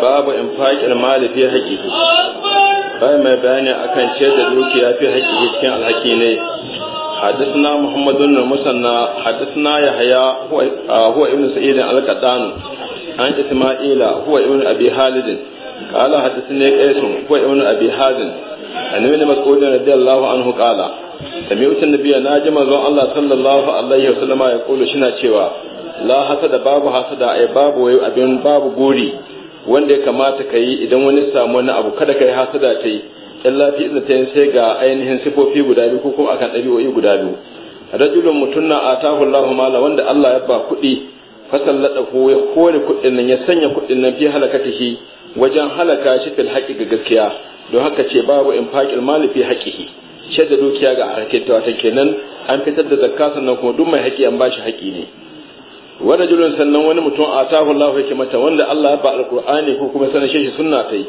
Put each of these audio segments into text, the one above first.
babu in faƙil mali fi haƙiƙi bai mai bayani akan ce da dukiya fi haƙiƙi cikin alhaƙi ne حدثنا محمد بن المثنى حدثنا يحيى هو هو ابن سعيد القطان عن اسماعيل هو ابن ابي خالد قال حدثني قيس هو ابن ابي حازم عن ابن مسعود رضي الله عنه قال سمعت النبي ناجي منزون الله صلى الله عليه وسلم يقول شنا cewa la hasada babu hasada ai babu wayo abin babu gori wanda ya kamata ka yi idan wani samu wani abu kada ka yi hasada ta yi illa lafi ina ta yi sai ga ainihin sifofi guda biyu ko kuma akan ɗabi'o'i guda biyu rajulun mutum na atahu Allahu mala wanda Allah ya ba kuɗi fasallada ko ya kore kuɗin nan ya sanya kuɗin nan fi halakatihi wajen halaka shi fil haƙi ga gaskiya don haka ce babu faƙil mali fi haƙihi shaida dukiya ga harkar ta kenan an fitar da zakka sannan kuma duk mai haƙi an bashi haƙi ne Wani rajulun sannan wani mutum a atahu Allah mata wanda Allah ya ba alqur'ani ko kuma sanin shi sunna tai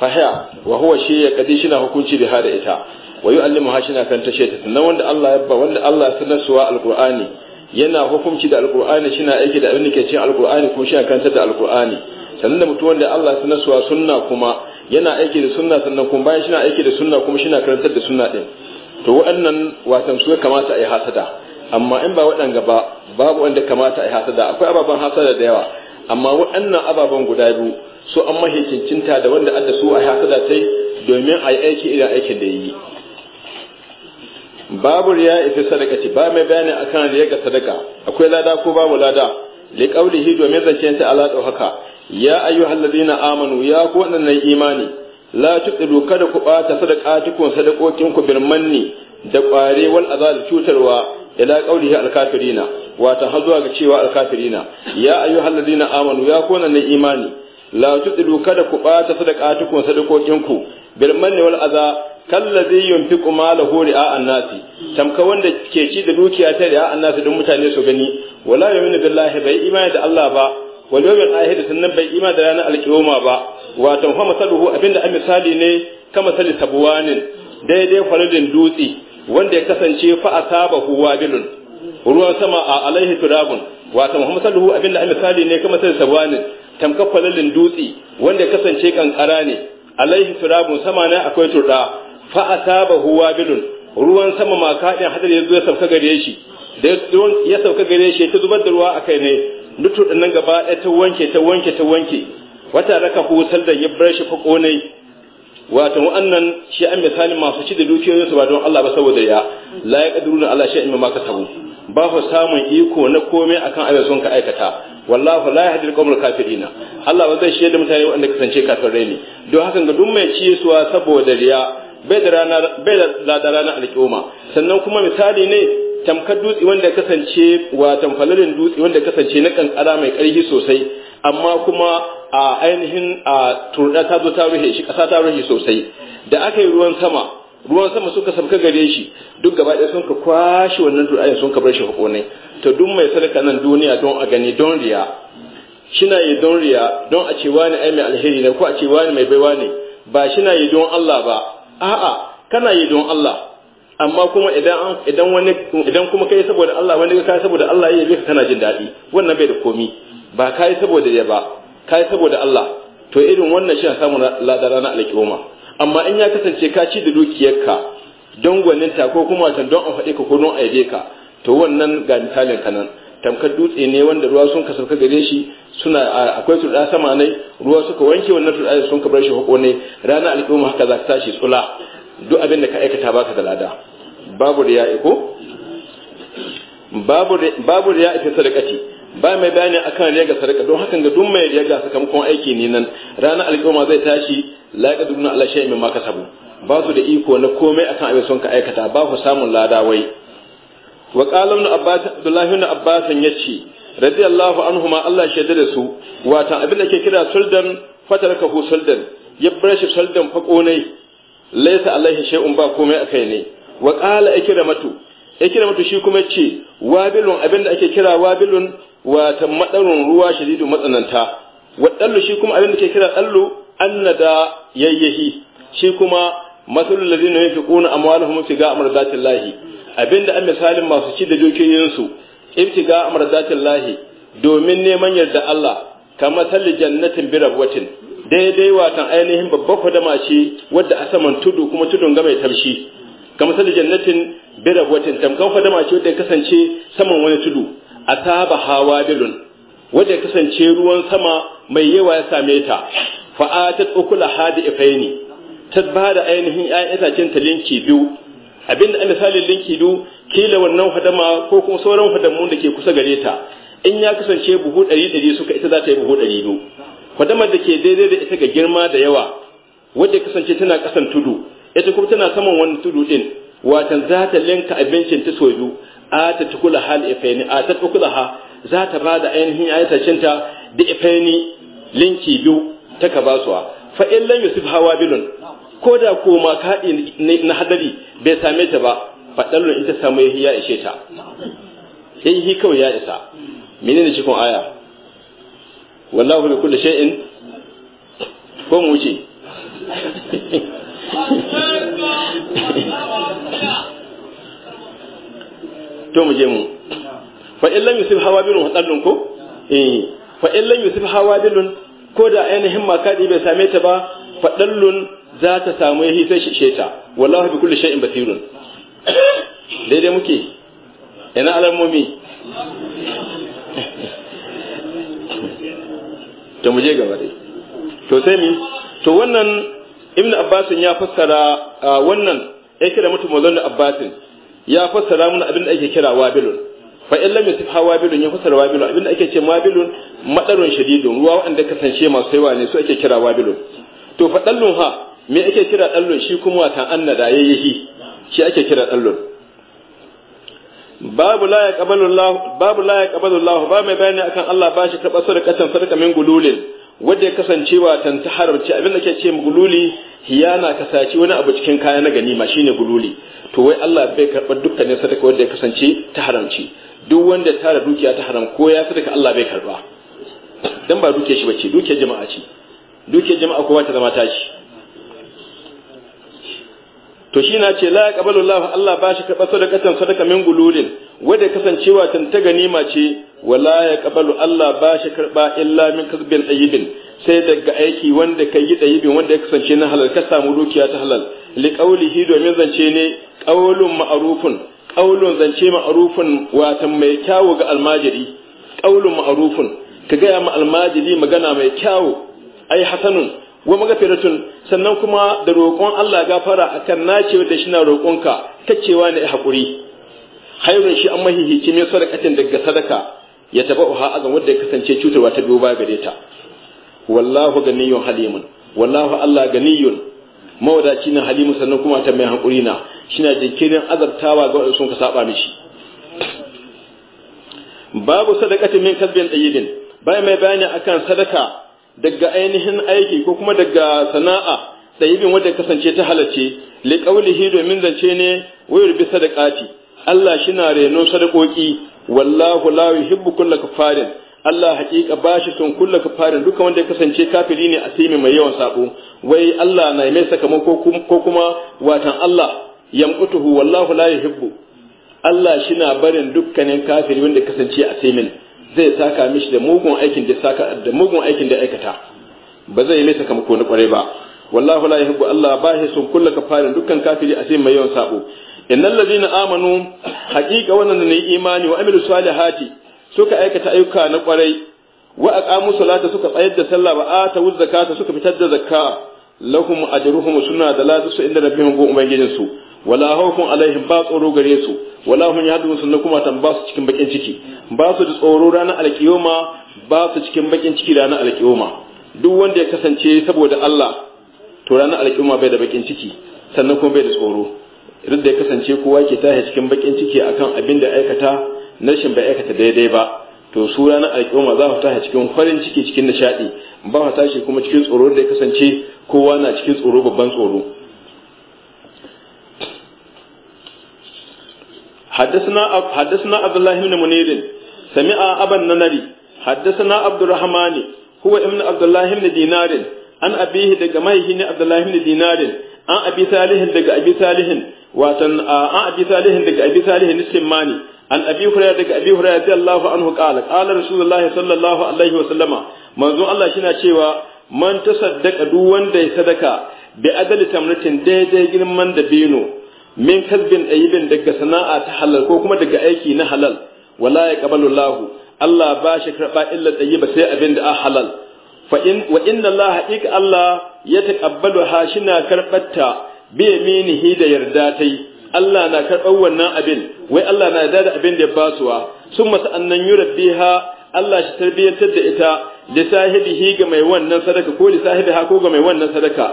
fa haya wa huwa shi ya kadi shi na hukunci da hada ita wa yu'allimu ha shi na kan tashe ta sannan wanda Allah ya ba wanda Allah ya sanar suwa alqur'ani yana hukunci da alqur'ani shina aiki da abin da ke cin alqur'ani ko shina kanta da alqur'ani sannan da mutum wanda Allah ya sanar suwa sunna kuma yana aiki da sunna sannan kuma bayan shina aiki da sunna kuma shina karantar da sunna din to waɗannan watan su kamata a yi hasada amma in ba waɗanga ba babu wanda kamata a hasada akwai ababen hasada da yawa amma waɗannan ababen guda biyu su an mahikincinta da wanda adda su a hasada ta domin a yi aiki irin aikin da ya yi babu riya ifi sadaka ce ba mai bayani akan riya ga sadaka akwai lada ko babu lada li qaulihi domin zancen ta ala haka ya na amanu ya ku waɗannan imani la tuqidu kada ku bata sadaqatikum sadaqokin ku bil manni da kware wal azal cutarwa ila qawlihi alkafirina wata har zuwa ga cewa alkafirina ya ayyuhal na amanu ya kona ne imani la tudilu kada ku bata sadaqatukum sadaqokinku bil manni wal adha kallazi yunfiqu malahu ri'a annasi tamka wanda ke ci da dukiya ta ri'a annasi don mutane su gani wala yu'minu billahi bai imani da Allah ba wal yawmil akhir sannan bai imani da ranar alkiyoma ba wato fa masaluhu abinda a misali ne kama sali tabwanin daidai faradin dutse wanda ya kasance fa asaba hu wabilun ruwan sama a alaihi turabun wato muhammad sallallahu abin da misali ne kamar sai sabanin tamkar falalin dutse wanda ya kasance kankara ne alaihi turabun sama ne akwai turda fa asaba hu wabilun ruwan sama ma kadin hadar ya zo ya sauka gare shi da ya sauka gare shi ta zubar da ruwa akai ne duk turdan nan gaba ɗaya ta wanke ta wanke ta wanke wata raka hutar da ya bar shi fa konai wato wannan shi an misalin masu ci da dukiyoyinsu ba don Allah ba saboda ya la ya kaduru na Allah shi shay'in mimma sabu ba ku samun iko na komai akan abin sun ka aikata wallahi la yahdil qawmul kafirin Allah ba zai shi da mutane wanda kasance kafirai ne don hakan ga duk mai suwa saboda riya bai da rana bai da rana sannan kuma misali ne tamkar dutse wanda kasance wa tamfalarin dutse wanda kasance na kankara mai ƙarfi sosai amma kuma a ainihin a turda ta zo ta rufe shi ƙasa ta rufe sosai da aka yi ruwan sama ruwan sama suka sauka gare shi duk gaba ɗaya sun ka kwashe wannan turda sun ka bar shi hukunai to duk mai sadaka nan duniya don a gani don riya shina yi don riya don a ce wani ai mai alheri ne ko a ce wani mai baiwa ne ba shina yi don Allah ba a'a kana yi don Allah amma kuma idan idan wani idan kuma kai saboda Allah wani kai saboda Allah ya ka kana jin daɗi wannan bai da komi ba kai saboda ya ba kai saboda Allah to irin wannan shi na samun lada ranar alƙiyoma amma in ya kasance ka ci da dukiyarka don ta ko kuma watan don an faɗe ka ko don yabe ka to wannan ga misalin ka nan tamkar dutse ne wanda ruwa sun kasar ka gare shi suna akwai turɗa sama ne ruwa suka wanke wannan turɗa da sun kabar shi hako ne rana al'umma haka za ka tashi tsula duk abin da ka aikata baka da lada babu ya iko babu ya ita sadakati ba mai bayani akan riya ga sadaka don hakan ga duk mai riya ga sakamakon aiki ne nan ranar alƙawma zai tashi laƙa dubna Allah shi mai maka sabu ba su da iko na komai akan abin sun ka aikata ba ku samun wai wa qala ibn abbas abdullahi ibn abbas ce radiyallahu anhuma Allah shi da su wata abin da ke kira suldan hu suldan ya bar shi suldan fakonai laysa alaihi shay'un ba komai akai ne wa qala ikramatu ikramatu shi kuma ce wabilun abin da ake kira wabilun wata madarin ruwa shadidu matsananta wa dallu shi kuma abin da ke kira dallu annada yayyahi shi kuma masalul ladina yunfiquna amwalahum tiga abin abinda an misalin masu ci da dokiyoyin su ibtiga lahi. domin neman yarda Allah ka salli jannatin bi rabwatin daidai watan ainihin babbar fadama ce wadda a saman tudu kuma tudun ga mai tamshi ka salli jannatin bi rabwatin tamkan fadama ce wadda kasance saman wani tudu ataba hawadirun wanda ya kasance ruwan sama mai yawa ya same ta fa'atat ukula hadi ifaini ta ainihin 'ya'yan itacen ta linki biyu abinda an misalin linki biyu kila wannan hadama ko kuma sauran hadamu da ke kusa gare ta in ya kasance buhu ɗari ɗari suka ita za ta yi buhu ɗari biyu hadamar da ke daidai da ita ga girma da yawa wadda kasance tana kasan tudu ita kuma tana saman wani tudu ɗin watan za ta linka abincin ta sau biyu atat kula hal ifaini atat ha za ta bada ainihin ayatacin ta da ifaini linki biyu ta ka basuwa fa in lam yusib hawabilun ko da ko ma na hadari bai same ta ba fadalun in ta samu ya ishe ta hi kawai ya isa menene cikin aya wallahu bi kulli shay'in ko mu wuce to mu je mu fa in lam yusib hawabilun hadallun ko eh fa in lam yusib hawabilun ko da ainihin makadi bai same ta ba dallun za ta samu yahi sai sheta wallahi bi kulli shay'in basirun daidai muke ina alamomi to mu je gaba dai to sai mi to wannan ibn abbasin ya fassara ah, wannan ya kira mutum mazan abbasin ya fassara mana abin da ake kira wabilun fa in lam yusif hawabilun ya fassara wabilun abin da ake ce wabilun madarun shadidun ruwa wanda kasance masu yawa ne su ake kira wabilun to fa dallun ha me ake kira dallun shi kuma wata annada yayyahi shi ake kira dallun babu la yaqbalu Allah babu la yaqbalu Allah ba mai bayani akan Allah ba shi karɓar sadaqatan sadaqa min gululin wadda ya kasance watan ta harabci abin da ke ce gululi hiyana ka saci wani abu cikin kaya na ganima shine gululi to wai Allah bai karɓar dukkanin sadaka wanda ya kasance ta haramci duk wanda ya tara dukiya ta haram ko ya sadaka Allah bai karɓa dan ba duke shi bace duke jama'a ce duke jama'a kowa ta zama tashi to shi na ce la yaqbalu Allah Allah ba shi karba sadakatan sadaka min gululin wanda kasancewa tan ta ganima ce wala ya kabalu Allah ba shi karba illa min kasbin tayyibin sai daga aiki wanda ka yi ɗayibin, wanda ya kasance na halal ka samu dukiya ta halal li qawlihi domin zance ne qawlun ma'rufun qawlun zance ma'rufun watan mai kyawu ga almajiri qawlun ma'rufun ka ga ma almajiri magana mai kyawu ai hasanun wa magafiratun sannan kuma da roƙon Allah gafara akan nace da shi na roƙonka kacewa ne hakuri hayrun shi an mahihici mai sadakatin daga sadaka ya taba uha azan wanda ya kasance cutarwa ta biyo ba gare ta wallahu ganiyun halimun wallahu Allah ganiyun mawadaci na halimu sannan kuma ta mai hankuri na shina jinkirin azabtawa ga wanda sun ka saba mishi babu sadaqati min kasbin tayyibin bai mai bayani akan sadaka daga ainihin aiki ko kuma daga sana'a Ɗayibin wanda kasance ta halarci li domin zance ne wayar bi sadaqati Allah shi na reno sadakoki wallahu la yuhibbu kulla kafarin Allah hakika ba shi son kulla kafarin duka wanda ya kasance kafiri ne a sai mai yawan sako wai Allah na mai sakamako ko kuma watan Allah yamqutuhu wallahu la yuhibbu Allah shi na barin dukkanin kafiri wanda ya kasance a sai zai saka mishi da mugun aikin da saka da mugun aikin da aikata ba zai mai sakamako na kware ba wallahu la yuhibbu Allah ba shi son kulla kafarin dukkan kafiri a sai mai yawan sako innal ladina amanu haqiqa wannan ne imani wa amilu salihati suka aikata ayyuka na kwarai wa aqamu salata suka tsayar da sallah wa ta zakata suka fitar da zakka lahum ajruhum sunna da lazu inda rabbihum go ubangijin su wala hawfun alaihim ba tsoro gare su wala hum yahdu sunna kuma tan ba su cikin bakin ciki ba su tsoro ranar alkiyoma ba su cikin bakin ciki ranar alkiyoma duk wanda ya kasance saboda Allah to ranar alkiyoma bai da bakin ciki sannan kuma bai da tsoro duk da ya kasance kowa ke tashi cikin bakin ciki akan abin da aikata na shin bai aikata daidai ba to su ranar alƙiyama za mu tashi cikin farin ciki cikin nishaɗi ba mu tashi kuma cikin tsoro da ya kasance kowa na cikin tsoro babban tsoro حدثنا حدثنا عبد الله بن منير سمع أبا الننري حدثنا عبد الرحمن هو ابن عبد الله بن دينار عن أبيه دجمعه عبد الله بن دينار an abi salihin daga abi salihin watan an abi salihin daga abi salihin simmani an abi hurairah daga abi hurairah Allahu anhu qala qala rasulullahi sallallahu alaihi wasallama manzo Allah shi na cewa man tasaddaqa duk wanda ya sadaka bi adali tamratin daidai girman da bino min kasbin ayyibin daga sana'a ta halal ko kuma daga aiki na halal wala ya qabalu Allah Allah ba shi karba illa tayyiba sai abin da a halal fa in wa inna Allah haqiqa Allah ya taqabbalu ha shina karbatta bi yaminihi da yarda tai Allah na karɓar wannan abin wai Allah na yarda da abin da ya basuwa sun masa annan yurabbiha Allah shi tarbiyyantar da ita da sahibihi ga mai wannan sadaka ko da sahibi ha ko ga mai wannan sadaka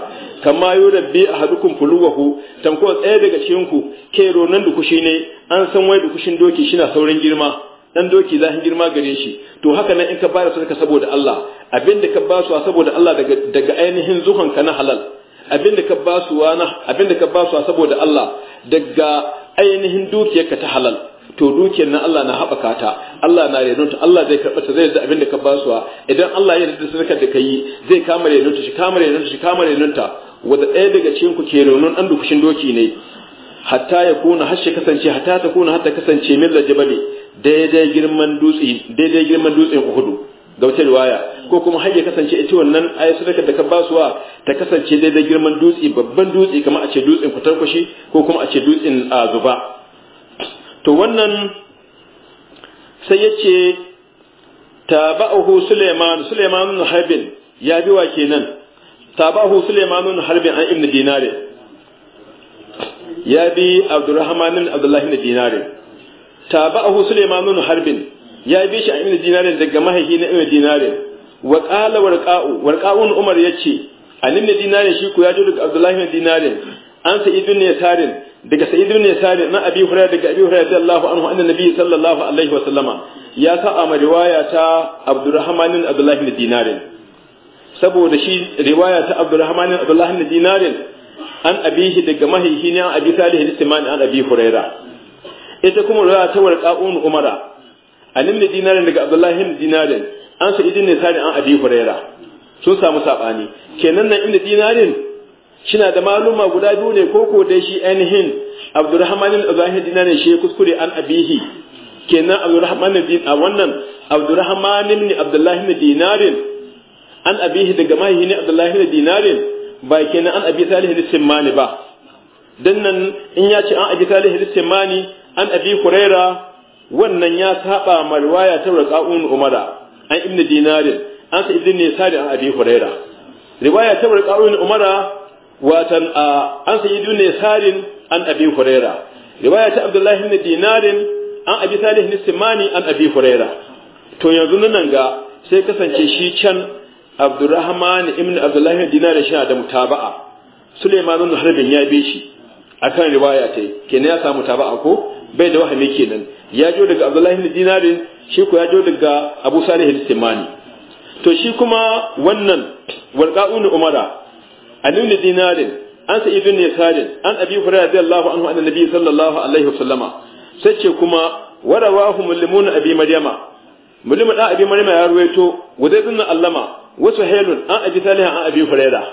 kama yi rabbi hadukun fuluwahu tamko tsaye daga cikin ku ke ronan dukushi ne an san wai dukushin doki shi na saurin girma dan doki zahin girma gare shi to haka nan in ka bada sadaka saboda Allah abin da ka basuwa saboda Allah daga ainihin zuhanka na halal abin da ka basuwa na abin da ka saboda Allah daga ainihin dukiyarka ta halal to dukiyar na Allah na haɓaka ta Allah na renunta Allah zai karɓa ta zai yarda abin da ka basuwa idan Allah ya yarda sadakar da kai zai kama renunta shi kama renunta shi kama renunta wanda ɗaya daga cikin ku ke renon an dukushin doki ne hatta ya kuna har shi kasance hatta ta kuna hatta kasance min lajabali daidai girman dutse daidai girman dutsen uhudu da wata riwaya ko kuma har ya kasance ita wannan ayat sadaka da ka basuwa ta kasance daidai girman dutse babban dutse kamar a ce dutsen kutarkushi ko kuma a ce dutsen zuba to wannan sai ya ce taba'ahu Suleiman Suleiman ibn Harbin ya bi wa kenan taba'ahu Suleiman ibn Harbin an ibn Dinare ya bi Abdurrahman ibn Abdullah ibn Dinare taba'ahu Suleiman ibn Harbin ya bi shi a ibn dinarin daga mahaihi na ibn dinarin wa qala warqa'u warqa'un umar yace an ibn dinarin shi ko ya jo daga abdullahi na dinarin an sa'id ibn tarin daga sa'id ibn tarin na abi hurairah daga abi hurairah radiyallahu anhu anna nabiy sallallahu alaihi wa sallama ya sa a ma riwaya ta abdurrahman abdullahi na dinarin saboda shi riwaya ta abdurrahman abdullahi na dinarin an abihi daga mahaihi ne an abi salih al an abi hurairah ita kuma riwaya ta warqa'un umara an ibn dinar daga abdullahi ibn dinar an sa idin ne sai an abi huraira sun samu sabani kenan nan ibn dinarin shina da maluma guda biyu ne ko ko dai shi ainihin abdurrahman ibn ibrahim dinarin shi kuskure an abihi kenan abdurrahman ibn a wannan abdurrahman ibn abdullahi ibn dinarin an abihi daga mahi ne abdullahi ibn dinarin ba kenan an abi salih ibn simani ba dan nan in ya ce an abi salih ibn simani an abi huraira wannan ya saba ma riwaya ta raqa'un umara an ibn dinarin an sa ibn nisari an abi huraira riwaya ta raqa'un umara watan an sa ibn nisarin an abi huraira riwaya ta abdullahi ibn dinarin an abi salih ibn simani an abi huraira to yanzu nan ga sai kasance shi can abdurrahman ibn abdullahi ibn dinar shi da mutaba'a suleiman ibn harbin ya bi shi akan riwaya ta kenan ya samu tabi'a ko bai da wahami kenan ya jo daga abdullahi bin dinarin shi ko ya jo daga abu salih al-simani to shi kuma wannan warqa'un umara annabi bin dinarin an sa ibn yasarin an abi hurairah radiyallahu anhu nabi sallallahu alaihi wasallama sai ce kuma warawahu mulimun abi maryama mulimun da abi maryama ya ruwaito wadaidun allama wasu helun an abi salih an abi hurairah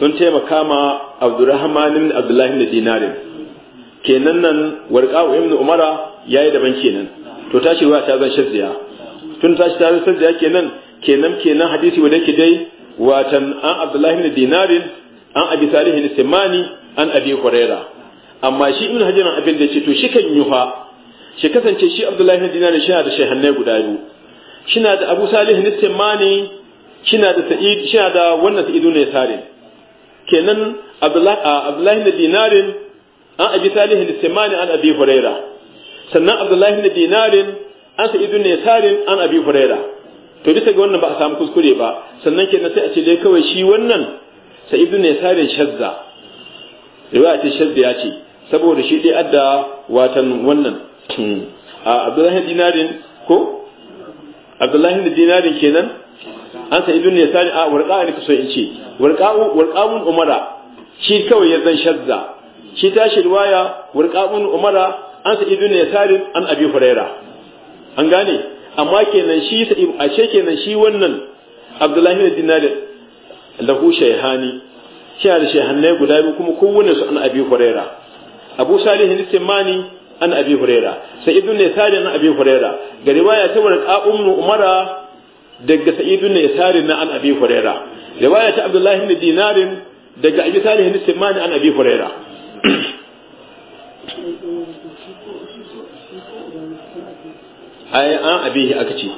sun taimaka ma abdurrahman ibn abdullahi bin dinarin kenan nan warqa'u ibn umara yayi daban kenan to tashi ruwa ta zan shaddiya tun tashi ta zan shaddiya kenan kenan kenan hadisi wanda yake dai watan an abdullahi ibn dinarin an abi salih ibn simani an abi hurayra amma shi ibn hajar abin da ce to shi kan yuha shi kasance shi abdullahi ibn dinar shi da shehannai guda biyu shina da abu salih ibn simani shina da sa'id shina da wannan sa'idu ne sare kenan ah, abdullahi ibn dinarin an abi salih al-simani an abi huraira sannan abdullahi ibn dinarin an sa'idu idun sarin an abi huraira to bisa ga wannan ba a samu kuskure ba sannan kenan sai a ce dai kawai shi wannan sa'idu idun sarin shazza riwaya ta shazza ya ce saboda shi dai adda watan wannan a abdullahi dinarin ko abdullahi dinarin kenan an sa'idu idun sarin a warqa ne kaso in ce warqa warqaun umara shi kawai ya zan shazza shi tashi riwaya wurqabun umara an sa ya yasarin an abi huraira an gane amma kenan shi sa ashe kenan shi wannan abdullahi bin dinar lahu shayhani shi al shayhanne guda biyu kuma kowanne su an abi huraira abu salih bin timani an abi huraira sai ya yasarin an abi huraira ga riwaya ta wurqabun umara daga sa'idu ne sarin na an abi huraira riwaya ta abdullahi bin dinarin daga abi salih bin simani an abi huraira ai an abihi aka ce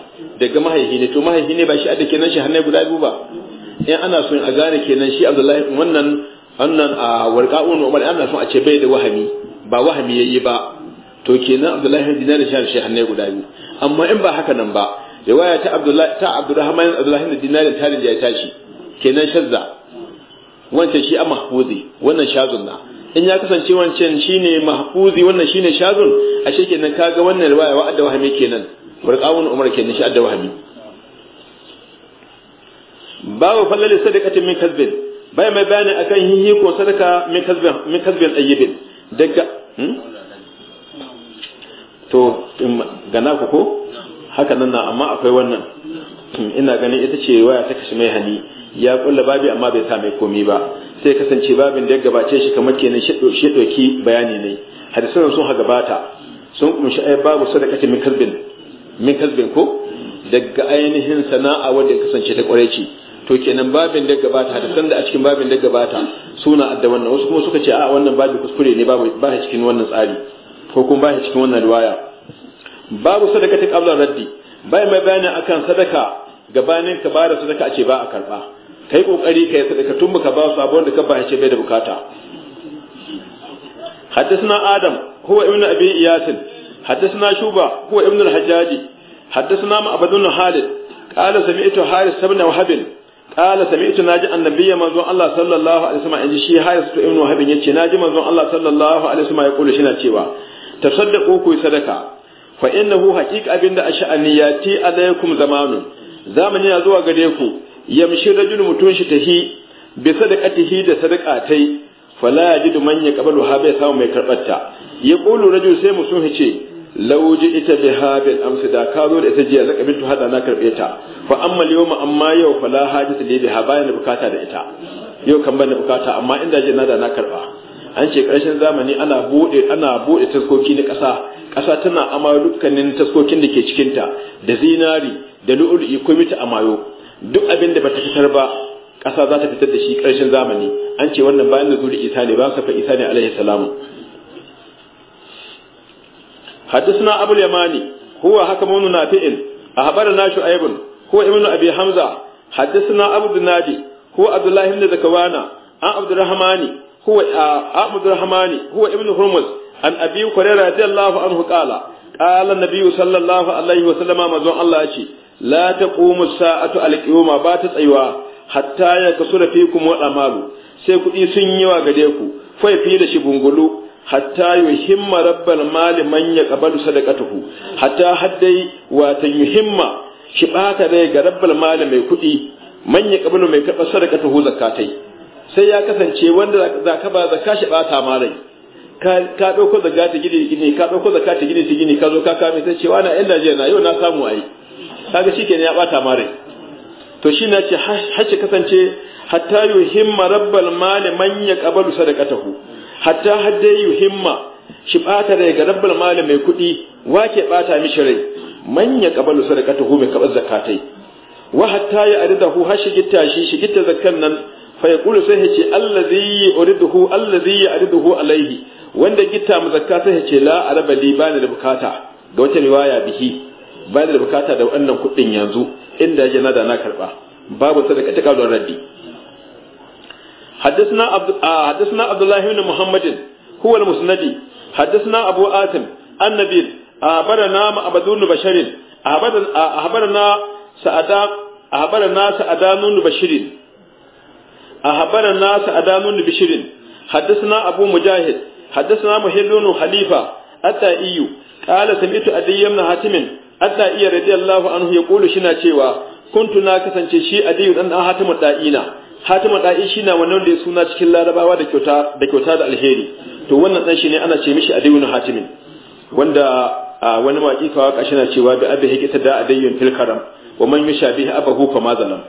daga mahaifi ne to mahaifi ne ba shi adda kenan shi hannai guda biyu ba in ana son a gane kenan shi abdullahi wannan wannan a warqa'un umar ana son a ce bai da wahami ba wahami yayi ba to kenan abdullahi dinar da shi hannai guda biyu amma in ba haka nan ba riwaya ta abdullahi ta abdurrahman abdullahi da dinar ta rinja ya tashi kenan shazza wancan shi a mahfuzi wannan shazunna in ya kasance wancan shine mahfuzi wannan shine shazun sheke nan kaga wannan riwaya da wahami kenan burqawun umar kenan shi adda wahami babu fallali sadaqati min kasbin bai mai bayani akan hihi ko sadaka min kasbin min kasbin ayyibin daga hmm? to gana ku ko haka nan amma akwai wannan ina ganin ita ce waya ta kashi mai hani ya kulla babi amma bai sa mai komi ba sai kasance babin da ya gabace shi kamar kenan shi ɗauki bayani ne hadisan sun haga bata sun kunshi ai babu sadakati min kalbin min kalbin ko daga ainihin sana'a wanda kasance ta kwarai ce to kenan babin da gabata hadisan da a cikin babin da gabata suna adda wannan wasu kuma suka ce a wannan babin kuskure ne babu ba cikin wannan tsari ko kuma ba cikin wannan riwaya babu sadakati qabla raddi bai mai bayani akan sadaka gabanin ka da sadaka a ce ba a karba kai kokari ka yi sadaka tun baka ba su abuwan da ka ba shi bai da bukata حدثنا آدم هو ابن أبي إياس حدثنا شوبة هو ابن الحجاج حدثنا معبد بن خالد قال سمعت حارث بن وهب قال سمعت ناجي النبي منذ الله صلى الله عليه وسلم إن شي حارث بن وهب يتي ناجي منذ الله صلى الله عليه وسلم يقول شنا cewa تصدقوا كوي صدقه فإنه حقيق أبين da asha'aniyati alaikum zamanun zamani ya zuwa gare ku yamshi rajul mutun shi tahi bi sadaqatihi da sadaqatai fala yajidu man yaqbalu ha bai samu mai karbata ya qulu rajul sai musun hice law ita bi habil amsi da ka zo da ita jiya zaka bintu hada na karbe ta fa amma yawma amma yau fala hajatu li biha bayan bukata da ita yau kan bani bukata amma inda je na da na karba an ce karshen zamani ana bude ana bude taskoki na kasa, kasa tana amma dukkanin taskokin da ke cikin ta da zinari da lu'ul'i ko mita amayo duk abin da bata fitar ba ƙasa za ta fitar da shi ƙarshen zamani an ce wannan bayan da zuri isa ne ba su fa isa ne alaihi salamu حدثنا أبو اليماني هو حكم بن نافع أخبرنا شعيب هو ابن أبي حمزة حدثنا أبو النادي هو عبد الله بن ذكوان عن عبد الرحمن هو عبد الرحمن هو ابن هرمز عن أبي هريرة رضي الله عنه قال قال النبي صلى الله عليه وسلم مزون الله la taqumu sa'atu al-qiyama ba ta tsayuwa hatta ya kasura fikum wa amalu sai kuɗi sun yi wa gare ku fai fi da shi bungulu hatta yuhimma rabbal mali man yaqbalu sadaqatuhu hatta haddai wa ta yuhimma shi bata rai ga rabbal mali mai kuɗi man yaqbalu mai karɓar sadaqatuhu zakatai sai ya kasance wanda zaka ba zakka shi bata ma rai ka ɗauko zakka ta gini ka ɗauko zakka ta gini gini ka zo ka kame sai cewa na yan Najeriya na yau na samu ai kaga kenan ya bata mare to shi na ce shi kasance hatta yuhimma rabbal mali man yaqbalu sadaqatahu hatta hadda yuhimma shi bata rai ga rabbal mali mai kuɗi wake bata mishi rai man yaqbalu sadaqatahu mai kabar zakatai wa hatta ya aridahu hashi gitta shi shi gitta zakkan nan fa yaqulu sai ya ce allazi uriduhu allazi ariduhu alaihi wanda gitta mu zakka sai ya ce la araba bani da bukata ga wata riwaya bihi ba da bukata da wannan kuɗin yanzu inda na da na karɓa babu ta da raddi حدثنا عبد حدثنا عبد الله بن محمد هو المسندي حدثنا ابو آتم النبي أخبرنا عبد بن بشير أخبرنا سعدان أخبرنا سعدان بن بشير أخبرنا سعدان بن بشير حدثنا أبو مجاهد حدثنا محل بن خليفة التائي قال سمعت أدي بن حاتم Allah iya radiyallahu anhu ya kulu shi na cewa kuntu na kasance shi a dai dan hatimu da'ina hatimu da'i shi na wannan da suna cikin larabawa da kyauta da kyauta da alheri to wannan dan shi ne ana ce mishi adayun hatimin wanda wani waki kawa kashi na cewa bi abi hikita da adayun fil karam wa man yushabihi abahu fa ma zalam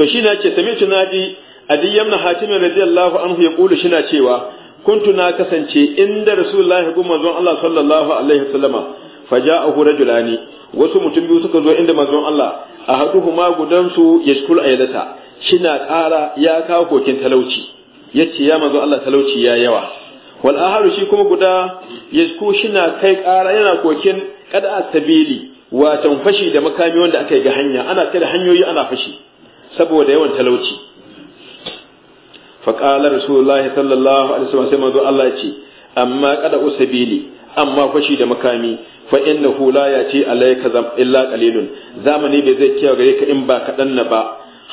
to shine yace sami'tu nadi adiyyan hatimin radiyallahu anhu ya kulu shi na cewa kuntu na kasance inda rasulullahi kuma manzon Allah sallallahu alaihi wasallama faja'ahu rajulani wasu mutum biyu suka zo inda manzon Allah A a gudansu yashkul ayyadata shina ƙara ya kawo kokin talauci yace ya manzon Allah talauci ya yawa wal aharu shi kuma guda yashku shina kai ƙara yana kokin kada asabili watan fashi da makami wanda aka yi ga hanya ana da hanyoyi ana fashi saboda yawan talauci faƙalar rasulullah sallallahu alaihi wasallam sai manzo Allah ce amma kada usabili amma fashi da makami fa innahu la yati alayka illa qalilun zamani bai zai kiyaye gare ka in ba kadan na ba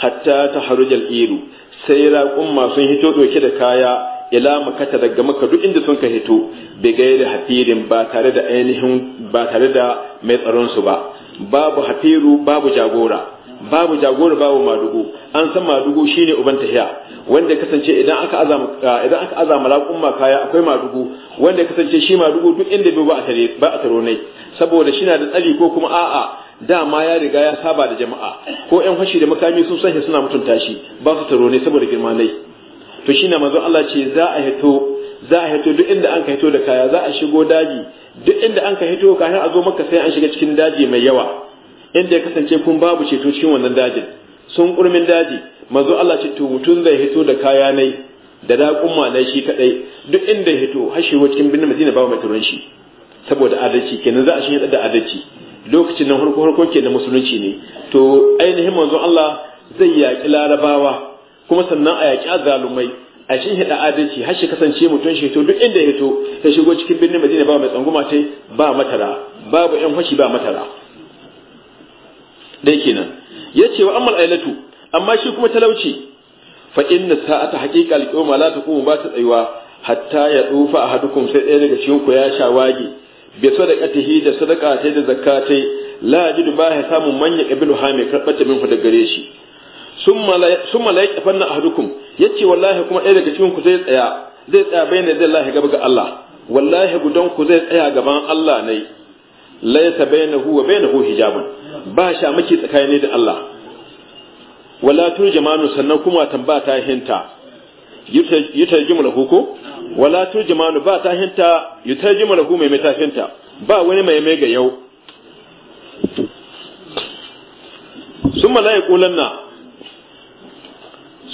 hatta ta harujal iru sai raƙumma sun hito doke da kaya ila makata daga maka duk inda sun ka hito bi gairi hafirin ba tare da ainihin ba tare da mai tsaron su ba babu hafiru babu jagora babu jagora babu madugu an san madugu shine uban tahiya wanda ya kasance idan aka azama ah, idan aka azama raƙumma kaya akwai madugu wanda ya kasance shi madugu duk inda bai ba a tare ba a taro saboda shi na da tsari ko kuma a'a dama ya riga ya saba da jama'a ko ƴan fashi da makami sun san suna mutunta shi ba su taro ne saboda girma nai to shi na manzon Allah ce za a hito za a hito duk inda an ka hito da kaya za a shigo daji duk inda an ka hito kafin a zo maka sai an shiga cikin daji mai yawa inda ya kasance kun babu ceto cikin wannan dajin sun kurmin daji Mazu Allah ce to mutum zai hito da kaya nai da raƙumma na shi kadai duk inda ya hito hashe wa cikin birnin Madina ba mai turon shi saboda adalci kenan za a shirya da adalci lokacin nan harko harko ke da musulunci ne to ainihin mazu Allah zai yaƙi larabawa kuma sannan a yaƙi azalumai a shi hida adalci har shi kasance mutum shi to duk inda ya hito ta shigo cikin birnin Madina ba mai tsanguma tai ba matara babu yan fashi ba matara dai kenan yace wa amal ailatu amma shi kuma talauci fa inna sa'ata haqiqa al-qiyama la taqumu ba ta tsayuwa hatta ya dufa ahadukum sai ɗaya daga cikin ku ya shawage bi sadaqatihi da sadaqati da zakatai la yajidu ba ya samu man ya qabilu ha mai karbata min da gare shi summa la la ahadukum yace wallahi kuma ɗaya daga cikin ku zai tsaya zai tsaya bayyana zai gaba ga Allah wallahi gudan ku zai tsaya gaban Allah ne laysa bainahu wa bainahu hijabun ba sha miki tsakani da Allah wala turjamanu sannan kuma tamba ta hinta yutarjimu lahu ko wala turjamanu ba ta hinta yutarjimu lahu mai ta hinta ba wani mai mai ga yau summa la yaqulanna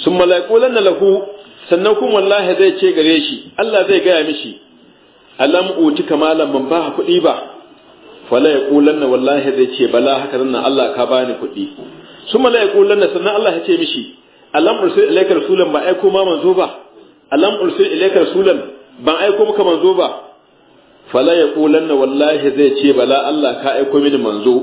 summa la yaqulanna lahu sannan kuma wallahi zai ce gare shi Allah zai gaya mishi alam uti kamalan ban ba kuɗi ba wala yaqulanna wallahi zai ce bala haka nan Allah ka bani kuɗi sun mala'iku lanna sannan Allah ya ce mishi alam ursil ilayka rasulan ba aiko ma manzo ba alam ursil ilayka rasulan ban aiko maka manzo ba fala yaqulanna wallahi zai ce bala Allah ka aiko mini manzo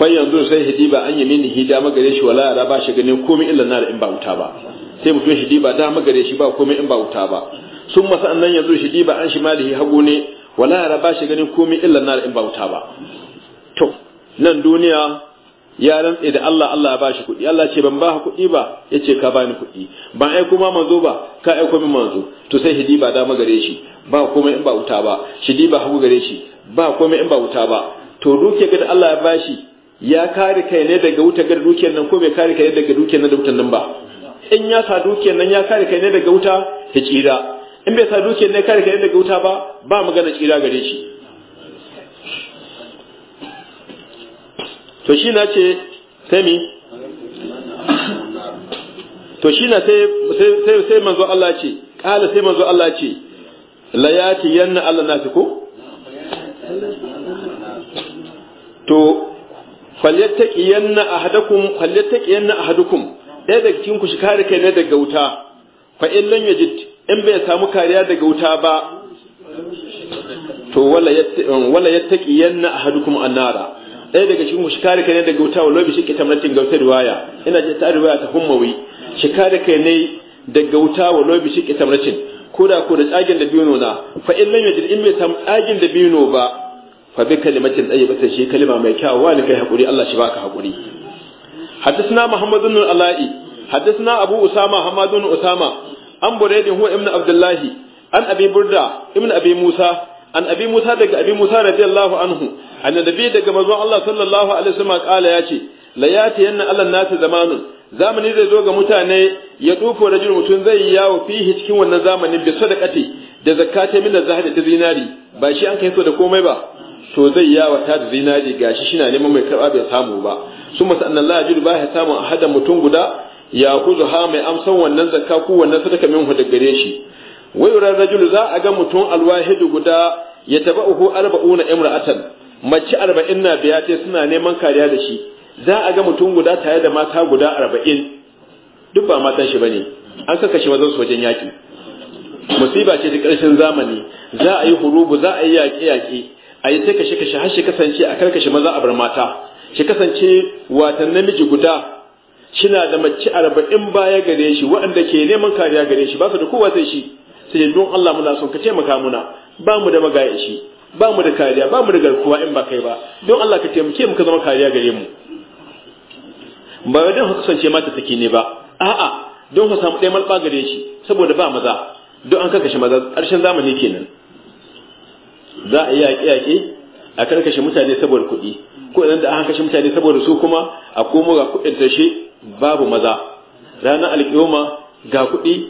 fa yanzu sai hidiba an yi mini hidama gare shi wala ra ba shi ganin komai illa nar in ba wuta ba sai mutum hidiba da magare shi ba komai in ba wuta ba sun masa annan yanzu hidiba an shi malihi hagu ne wala ra ba shi ganin komai illa nar in ba wuta ba to nan duniya ya rantse da Allah Allah ya bashi kuɗi Allah ce ban baka kuɗi ba yace ka bani kuɗi ban ai kuma manzo ba ka ai min manzo to sai hidi ba dama gare shi ba komai in ba wuta ba shidi ba hagu gare shi ba komai in ba wuta ba to duke ga da Allah ya bashi ya kare kai ne daga wuta ga dukiyar nan ko bai kare kai daga dukiyar nan da wutan nan ba in ya sa dukiyar nan ya kare kai ne daga wuta hijira in bai sa nan ne kare kai daga wuta ba ba magana tsira gare shi to shi na ce sai mi to shi na sai sai manzo Allah ce kala sai manzo Allah ce la yati yanna Allah na ko to falyattaki yanna ahadakum falyattaki yanna ahadukum ɗaya daga cikin ku shi kare kai ne daga wuta fa in lam yajid in bai samu kariya daga wuta ba to wala yattaki yanna ahadukum annara ɗaya daga cikin shikari kai ne daga wuta wallahi shi ke tamratin ga wata riwaya ina ce ta riwaya ta hummawi shikari kai ne daga wuta wallahi shi ke tamratin ko da ko da tsagin da biyu na fa in lam yajid in mai sam tsagin da biyu ba fa bi kalimatin tayyibatin shi kalima mai kyau wani kai hakuri Allah shi baka hakuri حدثنا محمد بن الالائي حدثنا Abu Usama حماد بن اسامه عن بريد هو ابن عبد الله عن ابي برده ابن ابي موسى عن ابي موسى دغ ابي موسى رضي الله عنه annabi daga manzon Allah sallallahu alaihi wasallam kala ya ce la yati yanna Allah nasi zamanun zamani zai zo ga mutane ya dufo rajul mutun mutum zai yawo fihi cikin wannan zamanin bi sadaqati da zakati min zahiri da zinari ba shi an kai so da komai ba to zai yawo ta da zinari gashi shi na neman mai karba bai samu ba su masa annallahu ba ya samu ahadan mutum guda ya kuzu ha mai amsan wannan zakka ko wannan sadaka min hu da gare shi wai rajulu za a ga mutum alwahidu guda ya taba'uhu arba'una imra'atan mace arba'in na biya ce suna neman kariya da shi za a ga mutum guda tare da mata guda arba'in duk ba matan shi bane an saka shi wajen sojan yaki musiba ce ta ƙarshen zamani za a yi hurubu za a yi yaƙe-yaƙe a yi ta kashe-kashe har shi kasance a karkashe maza a bar mata shi kasance watan namiji guda shina da mace arba'in baya gare shi waɗanda ke neman kariya gare shi ba su da kowa sai shi sai don Allah muna son ka taimaka muna ba mu da magayin shi ba mu da kariya ba mu da garkuwa in ba kai ba don Allah ka taimake mu ka zama kariya gare mu ba wai don ka kasance mata take ne ba a'a don ka samu ɗaya malɓa gare shi saboda ba maza don an karkashe maza ƙarshen zamani kenan za a iya yaƙe-yaƙe a karkashe mutane saboda kuɗi ko idan da an kashe mutane saboda su kuma a komo ga kuɗin tashe babu maza ranar alƙiyoma ga kuɗi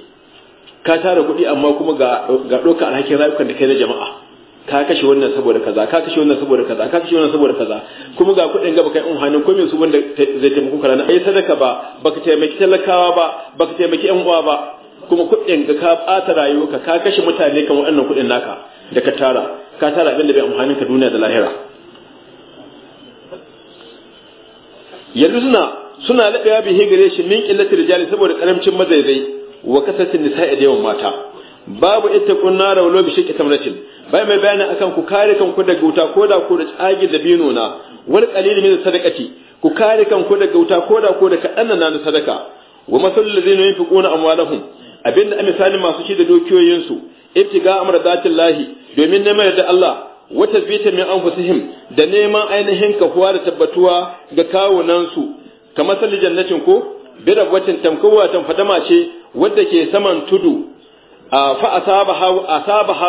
ka tara kuɗi amma kuma ga ɗaukar alhakin rayukan da kai na jama'a ka kashe wannan saboda kaza ka kashe wannan saboda kaza ka kashe wannan saboda kaza kuma ga kuɗin gaba kai in hannun komai su wanda zai taimako ka ranar ai sadaka ba baka taimaki talakawa ba baka taimaki yan uwa ba kuma kuɗin ka ka ɓata rayuwarka ka kashe mutane kan waɗannan kuɗin naka da ka tara ka tara abin da bai amfanin ka duniya da lahira yanzu suna suna laɓewa bihi gare shi min ƙillatir rijali saboda karamcin mazaizai wa kasatin nisa'i da yawan mata babu ita kunna rawlo bi shiqqi tamratin bai mai bayani akan ku kare kanku daga wuta ko da ko da tsagi da bino na wal qalil min sadaqati ku kare kanku daga wuta ko da ko da kadan na sadaka wa masal ladina yunfiquna amwalahum abinda misalin masu shi da dokiyoyin su ibtiga amr zatillahi domin neman da Allah wa tazbita min anfusihim da neman ainihin kafuwa da tabbatuwa ga kawunan su kamar salli jannatin ko birabwatin tamkowa fadama ce wadda ke saman tudu a fa asaba hawa asabaha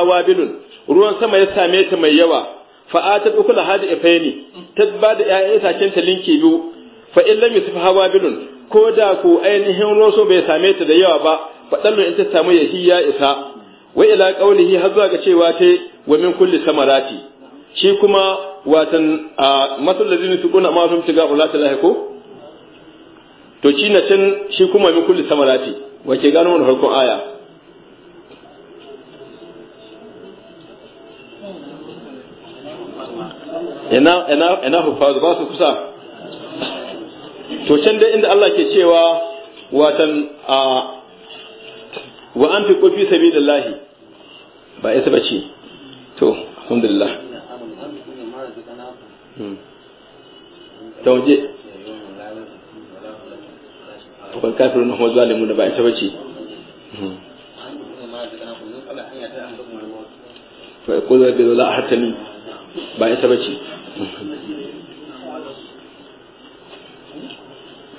ruwan sama ya same ta mai yawa fa ata ukula hada ifaini ta ba da ƴaƴan itacen ta linki biyu fa in lam yusif hawabilun ko da ko ainihin roso bai same ta da yawa ba fa dallu in ta samu yahiya isa wa ila qawlihi har ga cewa ta wa min kulli samarati shi kuma watan masal ladin tukuna ma sun tiga ulata lahi ko to shi na can shi kuma min kulli samarati ke gano wannan farkon aya ina ina hufazu ba su kusa to can dai inda Allah ke cewa watan a wa an fi kofi sabi da lahi ba isa ba ce to alhamdulillah hmm. ta waje akwai na kuma zalimu da ba isa ba ce ko zai bai zo la hatami ba ita bace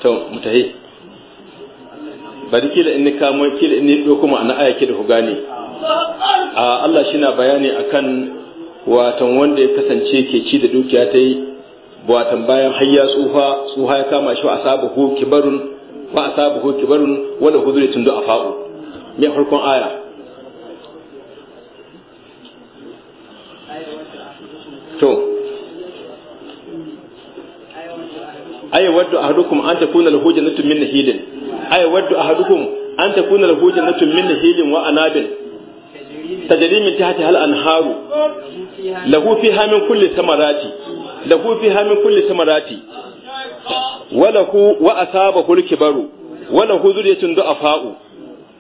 to mutahi bari kila in ni kamo kila in ni kuma ana aya kila ku gane Allah shi na bayani akan watan wanda ya kasance ke ci da dukiya ta yi watan bayan hayya tsufa tsufa ya kama shi a sabu ko kibarun ba a sabu ko kibarun wala huzuri tun a fa'u me farkon aya to ay waddu ahadukum an takuna lahu jannatu min nahilin ay waddu ahadukum an takuna lahu jannatu min nahilin wa anabil tajri min tahtiha al anharu lahu fiha min kulli samarati lahu fiha min kulli samarati wa lahu wa asaba kulki baru wa lahu zuriyatun du'afa'u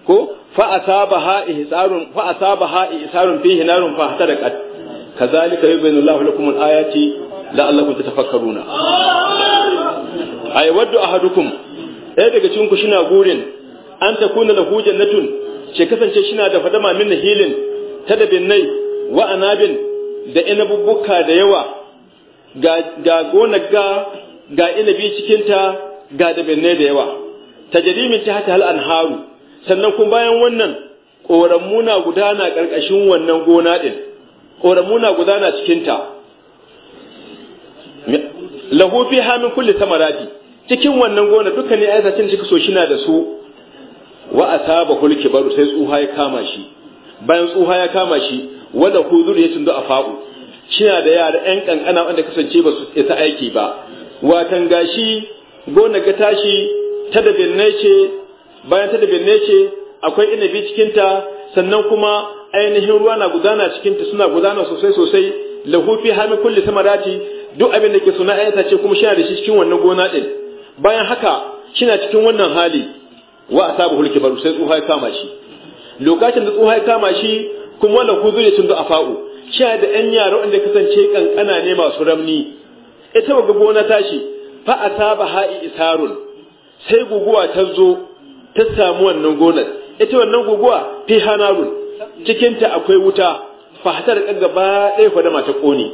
ko fa asabaha ihsarun fa asabaha ihsarun fihi narun fa hatarqat kazalika yubayyinu Allahu lakum al-ayati la'allakum tatafakkaruna ay waddu ahadukum ɗaya daga cikin ku shina gurin an takuna lahu natun ce kasance shina da fadama min hilin ta da binnai wa anabin da inabubbuka da yawa ga ga ga ga inabi cikin ta ga da binnai da yawa tajrimin ta hata al-anharu sannan kun bayan wannan ƙoramu na gudana ƙarƙashin wannan gona ɗin ƙoramu na gudana cikinta lahu fi hamin kulli samarati cikin wannan gona dukkanin aitacin da so shi na da su wa asaba hulki baru sai tsuha ya kama shi bayan tsuha ya kama shi wanda huzur ya tundu a fa'u shina da yara yan kankana wanda kasance ba su isa aiki ba watan gashi gona ga tashi ta da ce bayan ta da binne ce akwai inabi cikin ta sannan kuma ainihin ruwa na gudana cikin ta suna gudana sosai sosai lahu fi hami kulli samarati duk abin da ke suna ayyata ce kuma shina da shi cikin wannan gona din bayan haka kina cikin wannan hali wa asabu hulki kibaru sai tsuha ya kama shi lokacin da tsuha ya kama shi kuma wala ku zuri tun da afa'u sha da ɗan yara inda kasance kankana ne masu ramni ita ga gona tashi fa asaba ha'i isarun sai guguwa ta zo ta samu wannan gonar ita wannan guguwa fi hanarun cikinta akwai wuta fa hatar gaba ɗaya fadama ta ƙone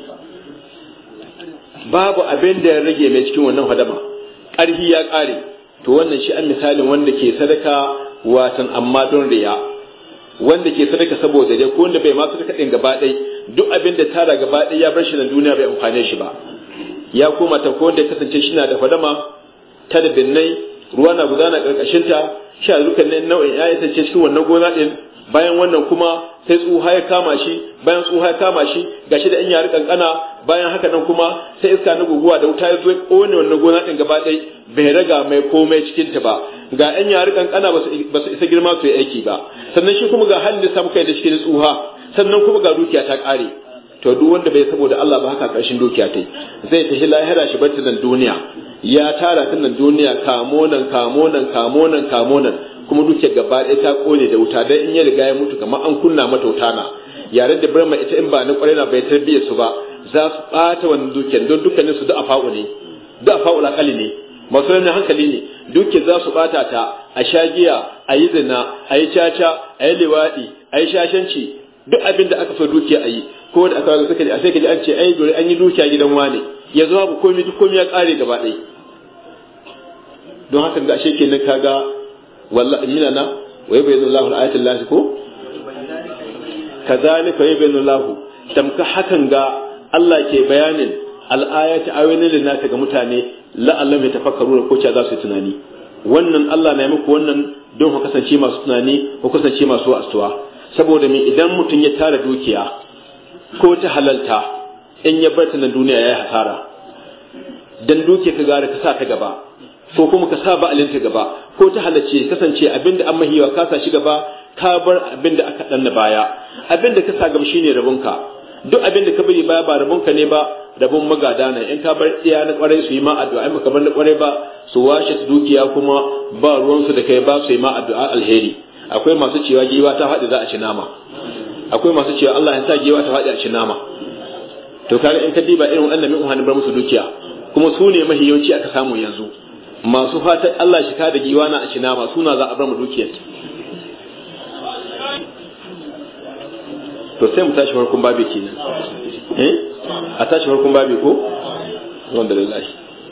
babu abin da ya rage mai cikin wannan fadama ƙarfi ya ƙare to wannan shi an misalin wanda ke sadaka watan amma don riya wanda ke sadaka saboda dai ko wanda bai ma sadaka din gaba ɗai duk abin da tara gaba ɗai ya bar shi na duniya bai amfane shi ba ya koma ta ko wanda kasance shi na da fadama ta da binnai ruwa na gudana ƙarƙashinta sha dukkan nau'in ya yi ce cikin wannan gona ɗin bayan wannan kuma sai tsuha ya kama shi bayan tsuha ya kama shi gashi da in rika kankana bayan haka nan kuma sai iska na guguwa da wuta ya zo kone wannan gona din gaba ɗaya bai raga mai komai cikin ta ba ga yan rika kankana ba su isa girma su yi aiki ba sannan shi kuma ga halin da samu kai da cikin tsuha sannan kuma ga dukiya ta kare to duk wanda bai saboda Allah ba haka ƙarshen dukiya ta zai tafi lahira shi bar ta duniya ya tara ta nan duniya kamo nan kamo nan kamo nan kamo nan kuma duke gaba ɗaya ta kone da wuta dan in ya riga ya mutu kamar an kunna mata wuta na yaren da birma ita in ba na kwarai na bai tarbiyya su ba za su ɓata wannan dukiyar don dukkanin su da afa'u ne da afa'u akali ne masu ranar hankali ne duke za su ɓata ta a shagiya a yi zina a yi caca a yi liwaɗi a yi shashanci duk abin da aka so dukiya a yi ko da aka suka a sai ka ji an ce ai dole an yi dukiya gidan wane ya zama ba komai duk komai ya kare gaba ɗaya don haka da ashe kenan kaga wallahi minana wa yubayyinu Allahu al-ayatil lati ko kazalika yubayyinu lahu. tamka hakan ga Allah ke bayanin al-ayati ayoyin linnati ga mutane la'allam yatafakkaru ko ce za su tunani wannan Allah na yi muku wannan don ku kasance masu tunani ku kasance masu astuwa saboda me idan mutum ya tara dukiya ko ta halalta in ya bar ta na duniya ya yi hasara dan dukiya ka gara ka sa ta gaba ko kuma ka saba alinta gaba ko ta halarci kasance abinda an mahiwa ka sa shi gaba ka bar abinda aka danna baya abinda ka sa gaba shine ka. duk abinda ka bari baya ba ka ne ba rabon magada ne in ka bar tsiya na kwarai su yi ma addu'a in ka bar na kwarai ba su washe su dukiya kuma ba ruwan su da kai ba su yi ma addu'a alheri akwai masu cewa giwa ta haɗe za a ci nama akwai masu cewa Allah ya sa giwa ta haɗe a ci nama to kaga in ka diba irin wannan mai bar musu dukiya kuma su ne mahiyoci aka samu yanzu masu fatan Allah shi kada giwana a shinama suna za a bar mu dukiyarta to sai mu tashi farkon babe kenan eh a tashi farkon babe ko alhamdulillah